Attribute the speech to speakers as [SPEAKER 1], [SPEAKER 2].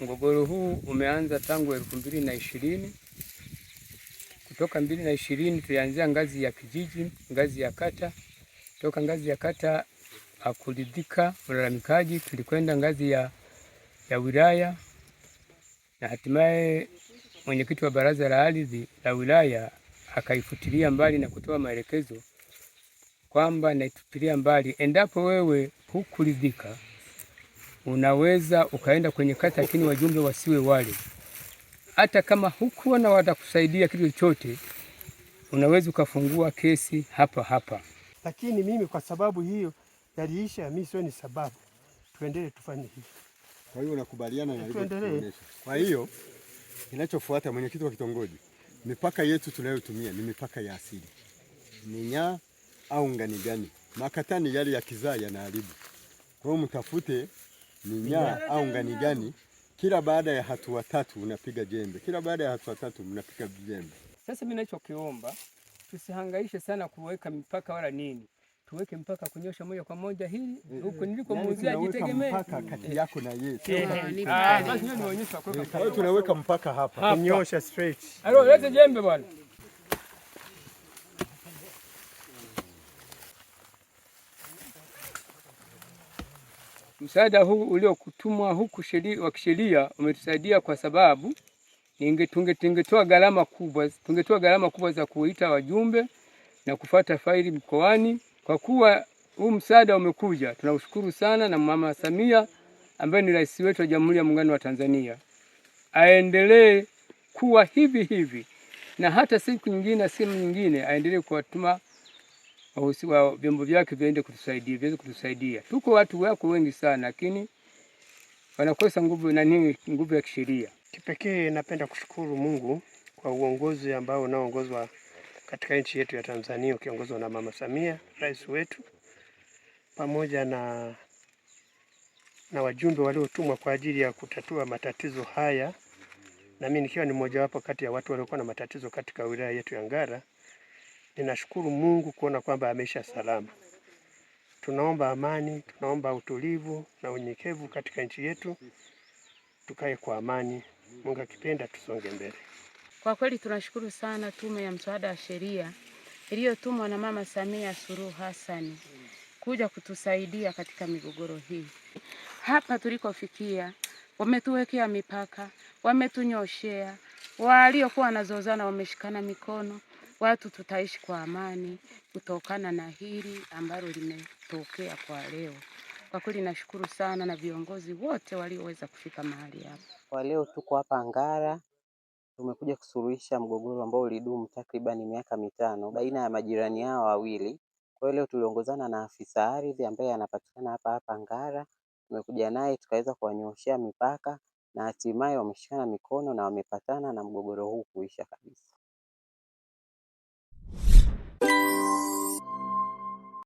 [SPEAKER 1] Mgogoro huu umeanza tangu elfu mbili na ishirini. Kutoka mbili na ishirini tulianzia ngazi ya kijiji, ngazi ya kata. Toka ngazi ya kata akuridhika mlalamikaji, tulikwenda ngazi ya, ya wilaya na hatimaye mwenyekiti wa baraza la ardhi la wilaya akaifutilia mbali na kutoa maelekezo kwamba naitutilia mbali, endapo wewe hukuridhika unaweza ukaenda kwenye kata, lakini wajumbe wasiwe wale. Hata kama hukuwa na watakusaidia kitu chochote, unaweza ukafungua kesi hapa hapa.
[SPEAKER 2] Lakini mimi kwa sababu hiyo yaliisha, mimi sio ni sababu, tuendelee tufanye hivi.
[SPEAKER 3] Kwa hiyo nakubaliana na Kwa hiyo kinachofuata, mwenyekiti wa kitongoji, mipaka yetu tunayotumia ni mipaka ya asili, ni nyaa au ngani gani, makatani yale ya kizaa yanaharibu. Kwa hiyo mtafute ni nyaa au ngani gani? Kila baada ya hatua tatu unapiga jembe, kila baada ya hatua tatu mnapiga jembe.
[SPEAKER 4] Sasa mimi ninachokiomba tusihangaishe sana kuweka mipaka wala nini, tuweke mpaka kunyosha moja kwa moja hili eh, huko eh, niliko muuzia jitegemee
[SPEAKER 3] mpaka kati yako na yeye. Tunaweka mpaka hapa
[SPEAKER 5] kunyosha straight.
[SPEAKER 6] Alio, lete jembe bwana. Msaada huu uliokutumwa huku wa kisheria umetusaidia kwa sababu tungetoa gharama kubwa, tungetoa gharama kubwa za kuita wajumbe na kufata faili mkoani. Kwa kuwa huu msaada umekuja, tunashukuru sana, na Mama Samia ambaye ni rais wetu wa Jamhuri ya Muungano wa Tanzania aendelee kuwa hivi hivi, na hata siku nyingine na sehemu nyingine aendelee kuwatuma wahusika, vyombo vyake viende kutusaidia, viweze kutusaidia. Tuko watu wako wengi sana, lakini wanakosa nguvu na nini, nguvu ya kisheria.
[SPEAKER 7] Kipekee napenda kushukuru Mungu kwa uongozi ambao unaoongozwa katika nchi yetu ya Tanzania ukiongozwa na Mama Samia, rais wetu, pamoja na na wajumbe waliotumwa kwa ajili ya kutatua matatizo haya, na mimi nikiwa ni mmojawapo kati ya watu waliokuwa na matatizo katika wilaya yetu ya Ngara. Ninashukuru Mungu kuona kwamba ameisha salama. Tunaomba amani, tunaomba utulivu na unyenyekevu katika nchi yetu, tukae kwa amani. Mungu akipenda, tusonge mbele.
[SPEAKER 8] Kwa kweli tunashukuru sana Tume ya Mswada wa Sheria iliyotumwa na Mama Samia Suluhu Hassan kuja kutusaidia katika migogoro hii. Hapa tulikofikia, wametuwekea mipaka, wametunyoshea, waliokuwa wanazozana wameshikana mikono, watu tutaishi kwa amani kutokana na hili ambalo limetokea kwa leo. Kwa kweli nashukuru sana na viongozi wote walioweza kufika mahali hapa. Kwa leo tuko hapa Ngara, tumekuja kusuluhisha mgogoro ambao ulidumu takribani miaka mitano baina ya majirani hao wawili. Kwa hiyo leo tuliongozana na afisa ardhi ambaye anapatikana hapa hapa Ngara, tumekuja naye tukaweza kuwanyooshea mipaka na hatimaye wameshikana mikono na wamepatana na mgogoro huu kuisha kabisa.